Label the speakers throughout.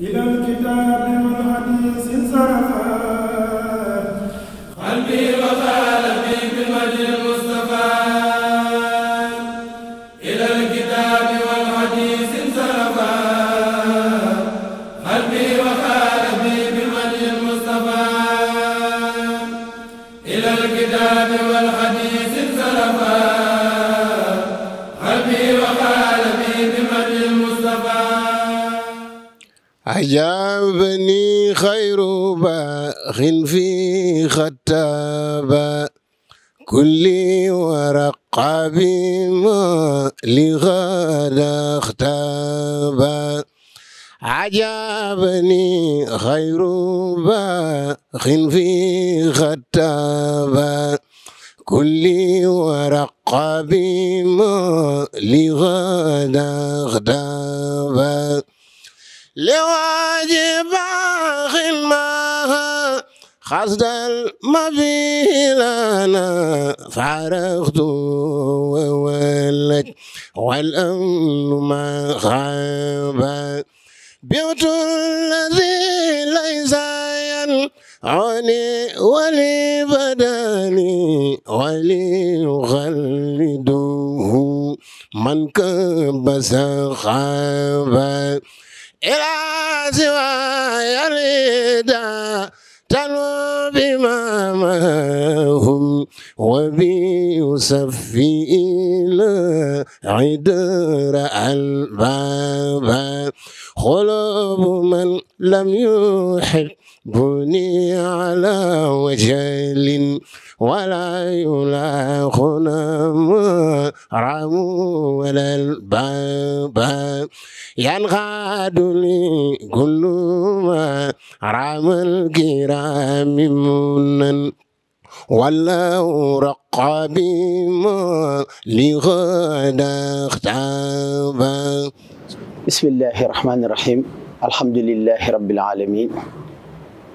Speaker 1: إلى الكتاب والحديث انصرفا قلبي وقال في بالمجد المصطفى إلى الكتاب والحديث انصرفا قلبي وقال
Speaker 2: في بالمجد المصطفى إلى الكتاب والحديث انصرفا عجبني خير باخ في خطابا كل ورقب ما لغد اختابا عجبني خير باخ في خطابا كل ورقب ما لغد اختابا لواجب ما خصد المبي لنا فارغت وولك والأمن ما غاب بيوت الذي ليس عني ولي بدني ولي يخلده من كبس خابا إلى سوى يردا تنو بما معهم وبيصفي إلى عدر الباب قلوب من لم يحب بني على وجل ولا يلاخنا مرام ولا الباب ينغاد لي كل ما رام الكرام منن ولا رقى بما لغد
Speaker 3: اختابا بسم الله الرحمن الرحيم الحمد لله رب العالمين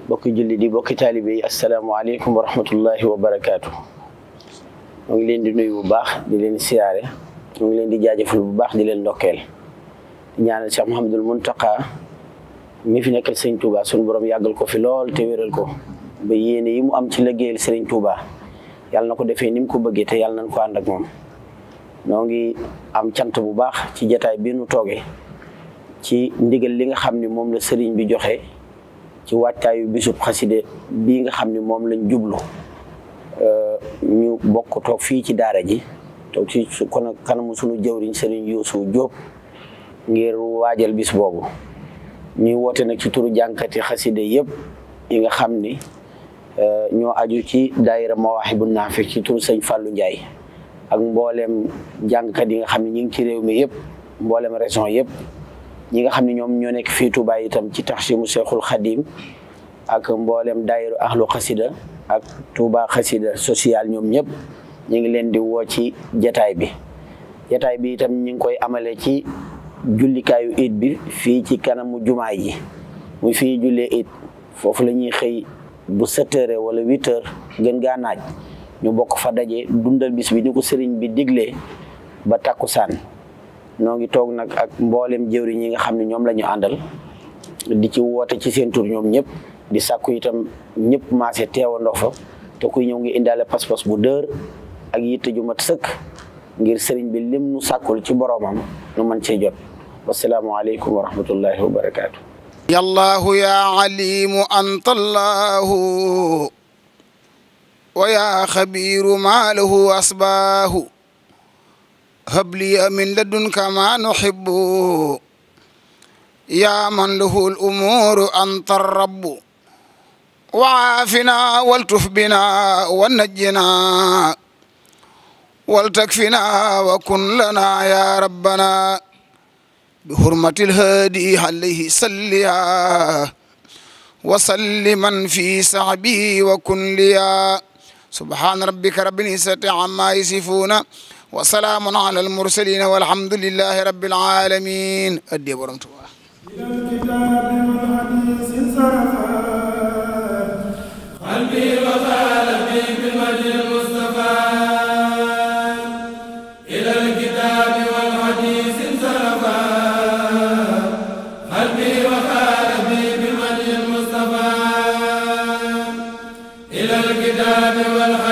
Speaker 3: bokki julli di bokki taalibe yi asalaamaaleykum wa rahmatullahi wa barakaatu. mu ngi leen di nuyu bu baax di leen siyaare mu ngi leen di jaajëfal bu baax di leen ndokkeel di ñaanal Cheikh Mouhamadul Muntaqa mi fi nekkal sëñ Touba sunu yàggal ko fi lool te ko ba yéene yi mu am ci liggéeyal sëriñ Touba yàlla na ko defee nim ko bëggee te yàlla nañ ko ànd ak moom. noo ngi am cant bu baax ci jataay bi nu toogee ci ndigal li nga xam ni moom la sëriñ bi joxe. ci wàccaayu bisu xaside bii nga xam ne moom lañ jublu euh, ñu bokk fii ci daara ji toog ci su kon kanamu sunu jëwriñ Serigne Youssou Diop ngir waajal bis boobu ñuy woote nag ci turu jànkati xaside yëpp yi nga xam ni euh, ñoo aju ci daayira Mawahibou Nafih ci turu sëñ Fallou Ndiaye ak mboolem jàngkat yi nga xam ne ñu ngi ci réew mi yëpp mboolem région yëpp. ñi nga xam ne ñoom ñoo nekk fi Touba itam ci taxsimu Seexul Xadim ak mboolem daayiru ahlu xasida ak Touba xasida social ñoom ñëpp ñu ngi leen di woo ci jataay bi jataay bi itam ñu ngi koy amale ci jullikaayu it bi fii ci kanamu jumaa yi muy fi jullee it foofu lañuy xëy bu sept wala huit heures gën gaa naaj ñu bokk fa daje dundal bis bi ni ko sëriñ bi diglee ba takkusaan noo ngi toog nag ak mboolem jëwriñ yi nga xam ne ñoom la ñu di ci woote ci seen ñoom ñëpp di sàkku itam ñëpp maase teewandoo fa te kuy ñëw ngi indaale pas-pas bu dër ak yitte ju mat sëkk ngir sëriñ bi lim nu sàkkul ci boroomam nu mën cee jot wasalaamualeykum wa rahmatullahi wa barakaatu.
Speaker 1: yallaahu yaa alimu antallaahu wa yaa xabiiru maalahu asbaahu هب لي من لدنك ما نحب يا من له الأمور أنت الرب وعافنا والتف بنا ونجنا والتكفنا وكن لنا يا ربنا بحرمة الهادي عليه صليا وسلما في سعبه وكن ليا subhaana rabbika rabbil izzati amma yasifuuna wa salaamun ala al mursalina walhamdulillahi rabbil alamin addee borom Tuubaa
Speaker 3: ilal gidaad wal